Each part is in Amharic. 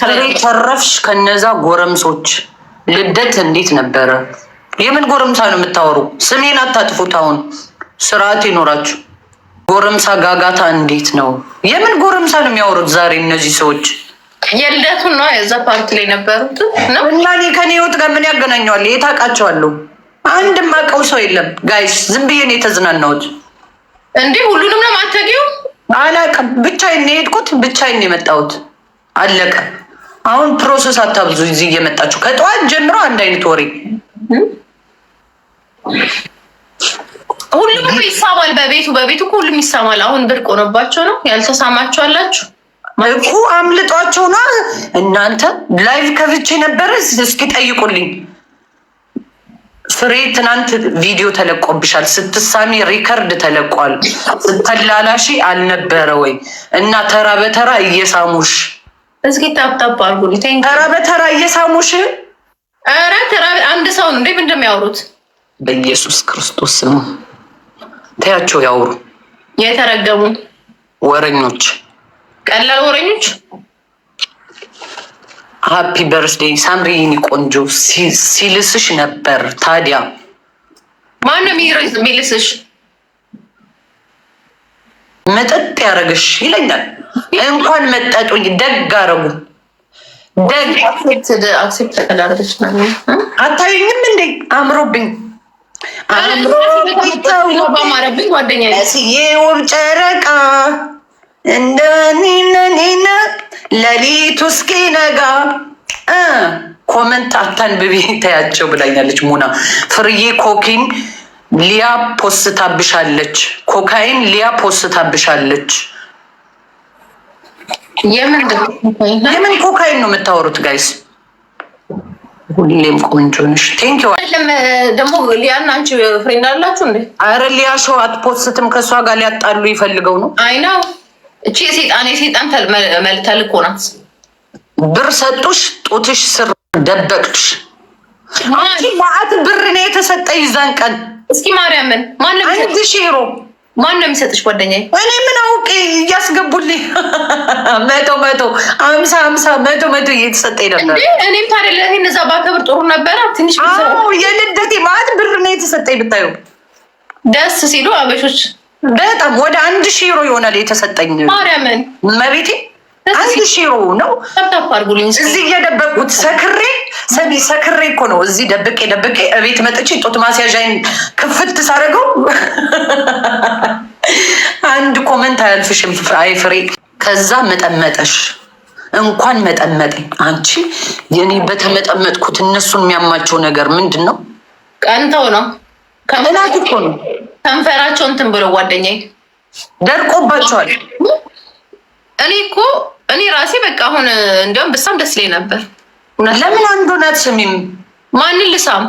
ፍሬ ተረፍሽ ከነዛ ጎረምሶች ልደት እንዴት ነበረ? የምን ጎረምሳ ነው የምታወሩ? ስሜን አታጥፉት። አሁን ስርዓት ይኖራችሁ። ጎረምሳ ጋጋታ እንዴት ነው? የምን ጎረምሳ ነው የሚያወሩት ዛሬ እነዚህ ሰዎች? የልደቱ ነ የዛ ፓርቲ ላይ ነበሩት እና እኔ ከኔ ህይወት ጋር ምን ያገናኘዋል? የት አውቃቸዋለሁ? አንድ ማቀው ሰው የለም። ጋይስ ዝም ብዬ ነው የተዝናናሁት። እንዲህ ሁሉንም ነው ማታውቂው? አላውቅም። ብቻዬን ነው የሄድኩት፣ ብቻዬን ነው የመጣሁት። አለቀ። አሁን ፕሮሰስ አታብዙ። እዚህ እየመጣችሁ ከጠዋት ጀምሮ አንድ አይነት ወሬ ሁሉም ይሳማል። በቤቱ በቤቱ ሁሉም ይሳማል። አሁን ብርቅ ሆነባቸው ነው። ያልተሳማችሁ አላችሁ መልኩ አምልጧቸው ነው። እናንተ ላይቭ ከፍቼ ነበረ። እስኪ ጠይቁልኝ። ፍሬ ትናንት ቪዲዮ ተለቆብሻል፣ ስትሳሚ ሪከርድ ተለቋል። ስተላላሺ አልነበረ ወይ እና ተራ በተራ እየሳሙሽ እስኪ ታፕታፕ አርጉልኝ። ቴንክ ኧረ በተራ እየሳሙሽ ኧረ ተራ አንድ ሰው ነው እንዴ እንደሚያወሩት በኢየሱስ ክርስቶስ ስም ተያቸው ያውሩ። የተረገሙ ወረኞች፣ ቀላል ወረኞች። ሀፒ በርስዴይ ሳምሪኒ ቆንጆ ሲልስሽ ነበር። ታዲያ ማንም ሚልስሽ መጠጥ ያደረግሽ ይለኛል እንኳን መጠጡኝ ደግ አረጉ። አታዩኝም እንዴ? አምሮብኝ አምሮብኝ ጓደኛ የውብ ጨረቃ እንደኒነኒነ ለሊቱ እስኪነጋ ኮመንት አታንብቢ ተያቸው ብላኛለች። ሙና ፍርዬ ኮኪን ሊያ ፖስታብሻለች። ኮካይን ሊያ ፖስታብሻለች። የምን ኮካይን ነው የምታወሩት ጋይስ? ሁሌም ቆንጆ ነሽ። ቴንኪው ደግሞ ሊያና አንቺ ፍሬንድ አላችሁ እንዴ? አረ ሊያ ሸው አትፖስትም። ከእሷ ጋር ሊያጣሉ ይፈልገው ነው። አይ ነው እቺ የሴጣን የሴጣን ተልእኮ ናት። ብር ሰጡሽ፣ ጡትሽ ስር ደበቅሽ። ማአት ብር ነው የተሰጠ ይዛን ቀን። እስኪ ማርያምን ማንም አንድ ሺህ ሮ ማን ነው የሚሰጥሽ? ጓደኛ እኔ ምን አውቄ እያስገቡልኝ መቶ መቶ አምሳ አምሳ መቶ መቶ እየተሰጠኝ ነበር። እኔም ታዲያ እነዛ ባከብር ጥሩ ነበረ። ትንሽ የልደቴ ማለት ብር ነው የተሰጠኝ። ብታዩ ደስ ሲሉ አበሾች በጣም ወደ አንድ ሺህ ዩሮ ይሆናል የተሰጠኝ ማርያምን መቤቴ አንድ ሼሩ ነው እዚህ የደበቁት ሰክሬ ሰሚ ሰክሬ እኮ ነው እዚህ ደብቄ ደብቄ እቤት መጥቼ ጦት ማስያዣይን ክፍት ሳደርገው አንድ ኮመንት አያልፍሽም አይ ፍሬ ከዛ መጠመጠሽ እንኳን መጠመጠ አንቺ የኔ በተመጠመጥኩት እነሱን የሚያማቸው ነገር ምንድን ነው? ቀንተው ነው ከምላት እኮ ነው ከንፈራቸው እንትን ብለው ጓደኛዬ ደርቆባቸዋል። እኔ እኮ እኔ ራሴ በቃ አሁን እንዲያውም ብሳም ደስ ይለኝ ነበር። ለምን አንዱ ናት ስሚም ማንን ልሳም?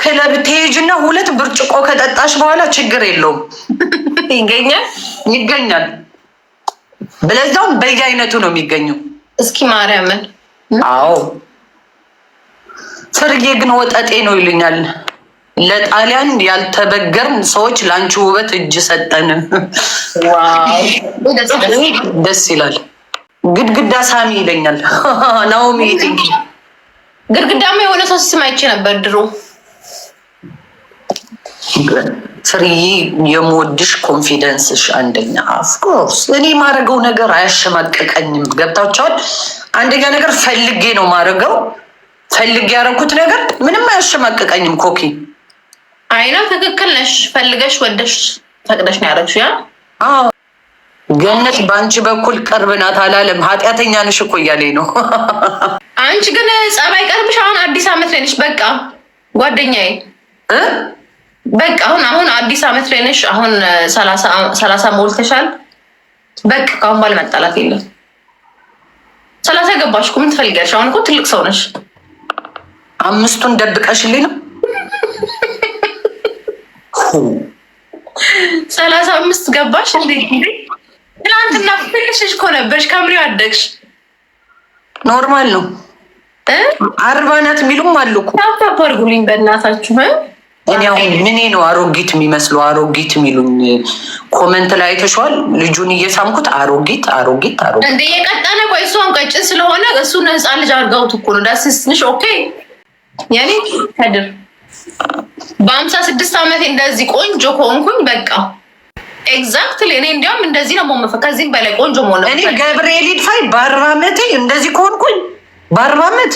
ክለብ ትሄጂና ሁለት ብርጭቆ ከጠጣሽ በኋላ ችግር የለውም ይገኛል ይገኛል። ብለዛውም በየአይነቱ ነው የሚገኘው። እስኪ ማርያምን። አዎ ፍርጌ ግን ወጠጤ ነው ይሉኛል። ለጣሊያን ያልተበገርን ሰዎች ለአንቺ ውበት እጅ ሰጠን። ደስ ይላል። ግድግዳ ሳሚ ይለኛል ናኦሚ። ግድግዳማ የሆነ ሰው ስም አይቼ ነበር ድሮ። ፍርዬ የምወድሽ ኮንፊደንስሽ አንደኛ። ኦፍኮርስ እኔ ማድረገው ነገር አያሸማቀቀኝም። ገብታችኋል? አንደኛ ነገር ፈልጌ ነው ማድረገው። ፈልጌ ያደረኩት ነገር ምንም አያሸማቀቀኝም። ኮኪ አይና ትክክል ነሽ። ፈልገሽ ወደሽ ፈቅደሽ ነው ያደረግሽው ያ ገነት በአንቺ በኩል ቅርብ ናት አላለም። ኃጢአተኛ ነሽ እኮ እያለኝ ነው። አንቺ ግን ጸባይ ቀርብሽ አሁን አዲስ አመት ላይ ነሽ። በቃ ጓደኛዬ በቃ አሁን አሁን አዲስ አመት ላይ ነሽ። አሁን ሰላሳ ሞልተሻል። በቃ ከአሁን ባል መጣላት የለም። ሰላሳ ገባሽ እኮ ምን ትፈልጊያለሽ? አሁን እኮ ትልቅ ሰው ነሽ። አምስቱን ደብቀሽልኝ ነው ሰላሳ አምስት ገባሽ እንዴ? ትናንትና ፍቅሽሽ እኮ ነበርሽ፣ ከምሪ አደግሽ። ኖርማል ነው። አርባ ናት የሚሉም አሉ እኮ ታፋፍ አድርጉልኝ በእናታችሁ። እኔ አሁን ምኔ ነው አሮጊት የሚመስሉ አሮጊት የሚሉኝ? ኮመንት ላይ አይተሸዋል። ልጁን እየሳምኩት አሮጊት አሮጊት አሮ እንደ የቀጠነ ቆይ፣ እሷን ቀጭን ስለሆነ እሱን ህፃን ልጅ አርጋውት እኮ ነው ዳስስንሽ። ኦኬ የኔ ከድር በሀምሳ ስድስት አመት እንደዚህ ቆንጆ ከሆንኩኝ በቃ ኤግዛክትሊ እኔ እንዲያውም እንደዚህ ነው መሆን ከዚህም በላይ ቆንጆ መሆን እኔ ገብርኤል ይድፋይ በአርባ ዓመቴ እንደዚህ ከሆንኩኝ በአርባ ዓመት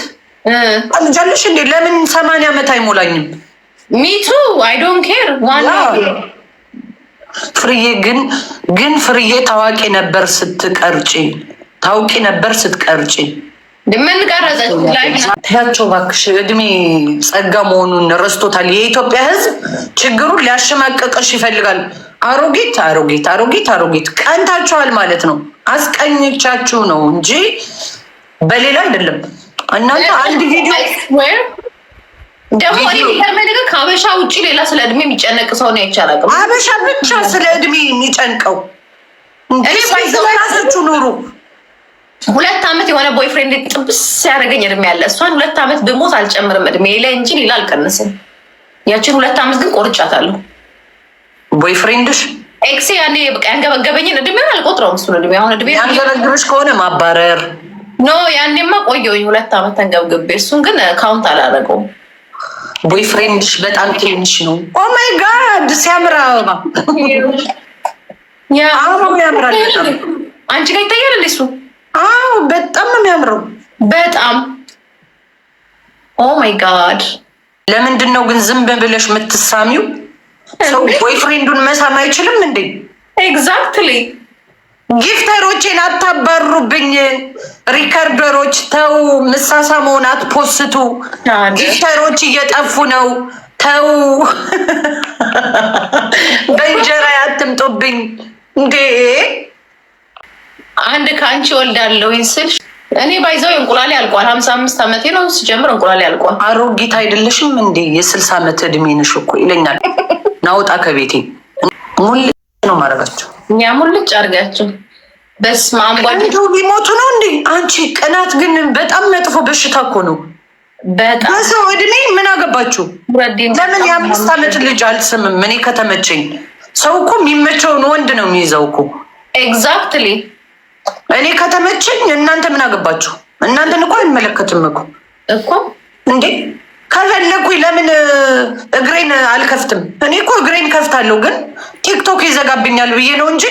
አልጃለሽ እንዴ ለምን ሰማንያ ዓመት አይሞላኝም? ሚቱ አይ ዶንት ኬር ዋና ፍርዬ ግን ግን ፍርዬ ታዋቂ ነበር ስትቀርጪ ታውቂ ነበር ስትቀርጪ ምን ቀረጸቸው እባክሽ እድሜ ጸጋ መሆኑን ረስቶታል የኢትዮጵያ ህዝብ ችግሩን ሊያሸማቀቀሽ ይፈልጋል አሮጌት አሮጌት አሮጌት አሮጌት ቀንታችኋል ማለት ነው። አስቀኝቻችሁ ነው እንጂ በሌላ አይደለም። እናንተ አንድ ቪዲዮ ደግሞ እኔ የሚገርመኝ ከአበሻ ውጭ ሌላ ስለ እድሜ የሚጨነቅ ሰው ነው አይቻላቅም። አበሻ ብቻ ስለ እድሜ የሚጨንቀው ራሳችሁ ኑሩ። ሁለት ዓመት የሆነ ቦይፍሬንድ ጥብስ ሲያደርገኝ እድሜ ያለ እሷን ሁለት ዓመት ብሞት አልጨምርም እድሜ ላይ እንጂ ሌላ አልቀንስም። ያችን ሁለት ዓመት ግን ቆርጫታለሁ። ቦይፍሬንድሽ ኤክሴ ያኔ በቃ ያንገበገበኝን እድሜውን አልቆጥረውም። እሱን እድሜ አሁን እድሜ ያንገበግብሽ ከሆነ ማባረር ኖ ያኔማ ቆየውኝ ሁለት ዓመት ተንገብግቤ፣ እሱን ግን ካውንት አላደረገውም። ቦይፍሬንድሽ በጣም ትንሽ ነው። ኦ ማይ ጋድ ሲያምር አበባ ያምራል። አንቺ ጋር ይታያል እንዴ እሱ? አዎ በጣም ነው የሚያምረው። በጣም ኦ ማይ ጋድ። ለምንድን ነው ግን ዝም ብለሽ የምትሳሚው? ሰው ቦይፍሬንዱን መሳም አይችልም እንዴ? ኤግዛክትሊ። ጊፍተሮቼን አታባሩብኝ። ሪከርደሮች ተው፣ ምሳሳ ምሳሳመውን አትፖስቱ። ጊፍተሮች እየጠፉ ነው። ተው፣ በእንጀራ አትምጡብኝ። እንዴ አንድ ከአንቺ ወልዳለሁኝ ስል እኔ ባይዘው እንቁላል ያልቋል። ሀምሳ አምስት ዓመቴ ነው ስጀምር እንቁላል ያልቋል። አሮጊት አይደለሽም እንዴ? የስልሳ ዓመት እድሜ ነሽ እኮ ይለኛል። ናውጣ ከቤቴ ሙልጭ ነው ማረጋቸው። እኛ ሙልጭ አርጋቸው በስመ አብ ጓደኞቹ ሊሞቱ ነው እንዴ? አንቺ ቅናት ግን በጣም መጥፎ በሽታ እኮ ነው። በሰው እድሜ ምን አገባችሁ? ለምን የአምስት ዓመት ልጅ አልስምም እኔ ከተመቸኝ። ሰው እኮ የሚመቸውን ወንድ ነው የሚይዘው እኮ ኤግዛክትሊ። እኔ ከተመቸኝ እናንተ ምን አገባችሁ? እናንተን እኮ አይመለከትም እኮ እኮ እንዴ ከፈለኩኝ ለምን እግሬን አልከፍትም? እኔ እኮ እግሬን ከፍታለሁ፣ ግን ቲክቶክ ይዘጋብኛል ብዬ ነው እንጂ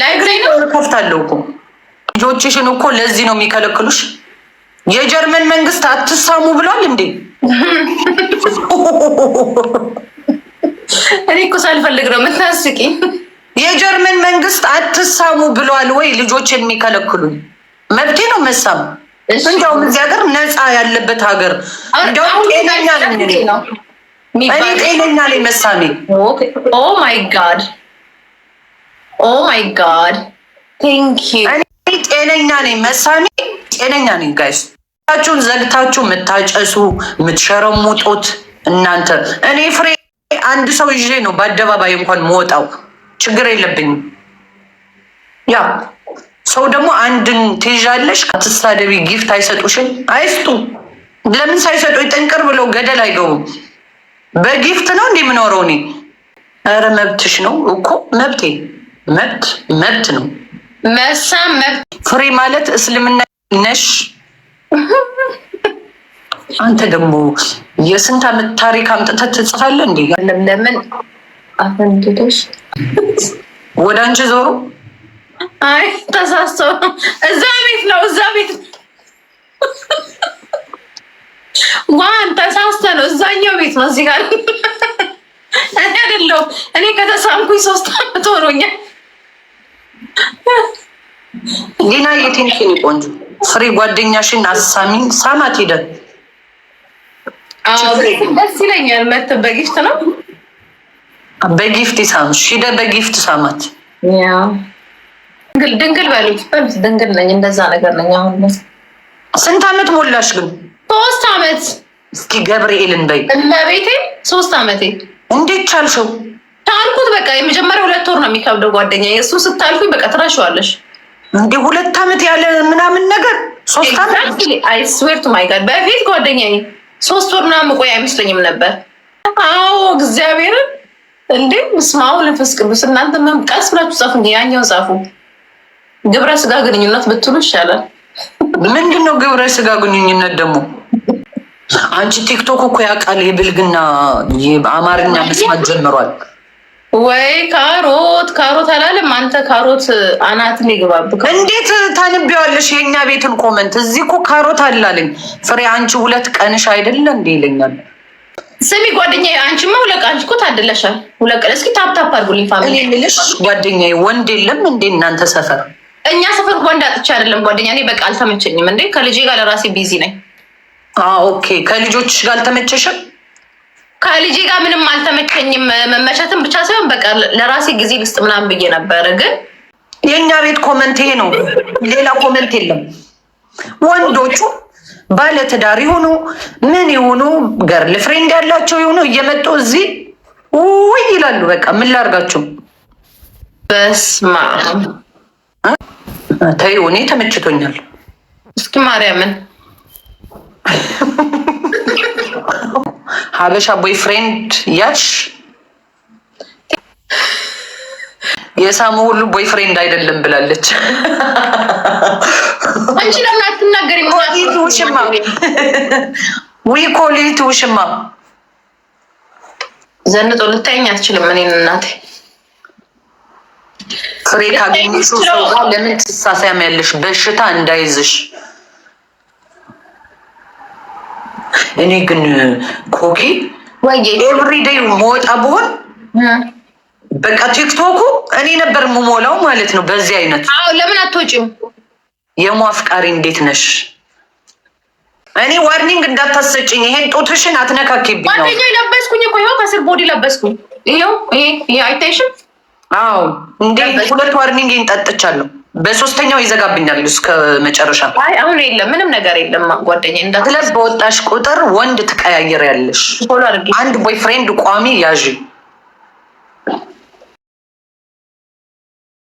ለእግሬን ነው ከፍታለሁ እኮ። ልጆችሽን እኮ ለዚህ ነው የሚከለክሉሽ። የጀርመን መንግስት አትሳሙ ብሏል እንዴ? እኔ እኮ ሳልፈልግ ነው የምታስቂኝ። የጀርመን መንግስት አትሳሙ ብሏል ወይ ልጆች የሚከለክሉኝ? መብቴ ነው መሳም እንደውም እዚህ ሀገር ነፃ ያለበት ሀገር እንደውም ጤነኛ ነው። እኔ ጤነኛ ላይ መሳሜ ኦ ማይ ጋድ ኦ ማይ ጋድ ቴንክ ዩ እኔ ጤነኛ ነኝ። መሳሜ ጤነኛ ነኝ። ጋይስ ታችሁን ዘግታችሁ የምታጨሱ የምትሸረሙጡት እናንተ እኔ ፍሬ አንድ ሰው ይዤ ነው በአደባባይ እንኳን መወጣው ችግር የለብኝም ያ ሰው ደግሞ አንድን ትይዣለሽ አትሳደቢ፣ ጊፍት አይሰጡሽም። አይስጡ። ለምን ሳይሰጡ ጥንቅር ብለው ገደል አይገቡም። በጊፍት ነው እንዲህ የምኖረው እኔ። ኧረ መብትሽ ነው እኮ መብቴ፣ መብት መብት ነው መሳ መብት። ፍሬ ማለት እስልምና ነሽ አንተ ደግሞ የስንት ዓመት ታሪክ አምጥተህ ትጽፋለህ እንዴ? ለምን አፈንድዶሽ ወደ አንቺ ዞሩ አይ ተሳስተው እዛ ቤት ነው እዛ ቤት ዋን ተሳስተ ነው እዛኛው ቤት ነው። እዚህ ጋር እኔ አይደለሁም። እኔ ከተሳምኩኝ ሶስት አመት ሆኖኛል። ዲና የቴንሽን ቆንጆ ፍሬ ጓደኛሽን አሳሚኝ ሳማት ሄደ ደስ ይለኛል። መት በጊፍት ነው በጊፍት ሳም ሂደ በጊፍት ሳማት ድንግል ድንግል በሉት በሉት ድንግል ነኝ፣ እንደዛ ነገር ነኝ። አሁን ስንት አመት ሞላሽ ግን? ሶስት አመት። እስኪ ገብርኤልን በይ። እመቤቴ ሶስት አመቴ። እንዴት ቻልሽው? ታልኩት በቃ። የመጀመሪያ ሁለት ወር ነው የሚከብደው ጓደኛ፣ የእሱ ስታልኩኝ በቃ ትራሸዋለሽ እንደ ሁለት አመት ያለ ምናምን ነገር ሶስት አመት። አይ ስዌር ቱ ማይ ጋድ በፊት ጓደኛ ሶስት ወር ምናምን ቆይ አይመስለኝም ነበር። አዎ እግዚአብሔርን እንዴ! ምስማው ለፈስ ቅዱስ እናንተ መምቀስ ብላችሁ ጻፉ፣ ያኛው ጻፉ ግብረ ስጋ ግንኙነት ብትሉ ይሻላል። ምንድን ነው ግብረ ስጋ ግንኙነት ደግሞ? አንቺ ቲክቶክ እኮ ያውቃል። የብልግና አማርኛ መስማት ጀምሯል ወይ? ካሮት ካሮት አላለም። አንተ ካሮት አናት ይግባብ። እንዴት ታንቢዋለሽ? የእኛ ቤትን ኮመንት እዚህ እኮ ካሮት አላለኝ። ፍሬ አንቺ ሁለት ቀንሽ አይደለ እንዴ ይለኛል። ስሚ ጓደኛ፣ አንቺማ ሁለት ቀን እኮ ታደለሻል። ሁለት ቀን እስኪ ታፕታፕ አድርጉልኝ ፋሚ። እኔ የምልሽ ጓደኛዬ፣ ወንድ የለም እንዴ እናንተ ሰፈር እኛ ሰፈር ወንድ አጥቼ አይደለም ጓደኛ። እኔ በቃ አልተመቸኝም እንዴ ከልጄ ጋር ለራሴ ቢዚ ነኝ። ኦኬ ከልጆች ጋር አልተመቸሽም? ከልጄ ጋር ምንም አልተመቸኝም። መመቸትም ብቻ ሳይሆን በቃ ለራሴ ጊዜ ልስጥ ምናምን ብዬ ነበር። ግን የእኛ ቤት ኮመንት ይሄ ነው፣ ሌላ ኮመንት የለም። ወንዶቹ ባለትዳር የሆኑ ምን የሆኑ ገርል ፍሬንድ ያላቸው የሆኑ እየመጡ እዚህ ውይ ይላሉ። በቃ ምን ላርጋቸው በስማ ተይ፣ እኔ ተመችቶኛል። እስኪ ማርያምን ሀበሻ ቦይ ፍሬንድ ያች የሳሙ ሁሉ ቦይ ፍሬንድ አይደለም ብላለች። አንቺ ለምን አትናገሪ? ውሽማ ዊ ኮሊት ውሽማ ዘንጦ ልታየኝ አትችልም። እኔን እናቴ ፍሬ ካገኘሽ ሰው ጋር ለምን ያለሽ በሽታ እንዳይዝሽ። እኔ ግን ኮኪ ኤቭሪዴይ መወጣ ብሆን በቃ ቲክቶኩ እኔ ነበር የምሞላው ማለት ነው። በዚህ አይነት ለምን አትወጪም? የሞ አፍቃሪ እንዴት ነሽ? እኔ ዋርኒንግ እንዳታሰጭኝ። ይሄን ጡትሽን አትነካኪብኝ ነው ጓደኛ። ለበስኩኝ እኮ ይኸው፣ ከስር ቦዲ ለበስኩኝ። ይኸው ይሄ ይሄ አይታይሽም አዎ እንዴ ሁለት ዋርኒንግ ጠጥቻለሁ። በሶስተኛው ይዘጋብኛል እስከ መጨረሻ። አይ አሁን የለም ምንም ነገር የለም። ጓደኛ ክለብ በወጣሽ ቁጥር ወንድ ትቀያየር ያለሽ አንድ ቦይፍሬንድ ቋሚ ያዥ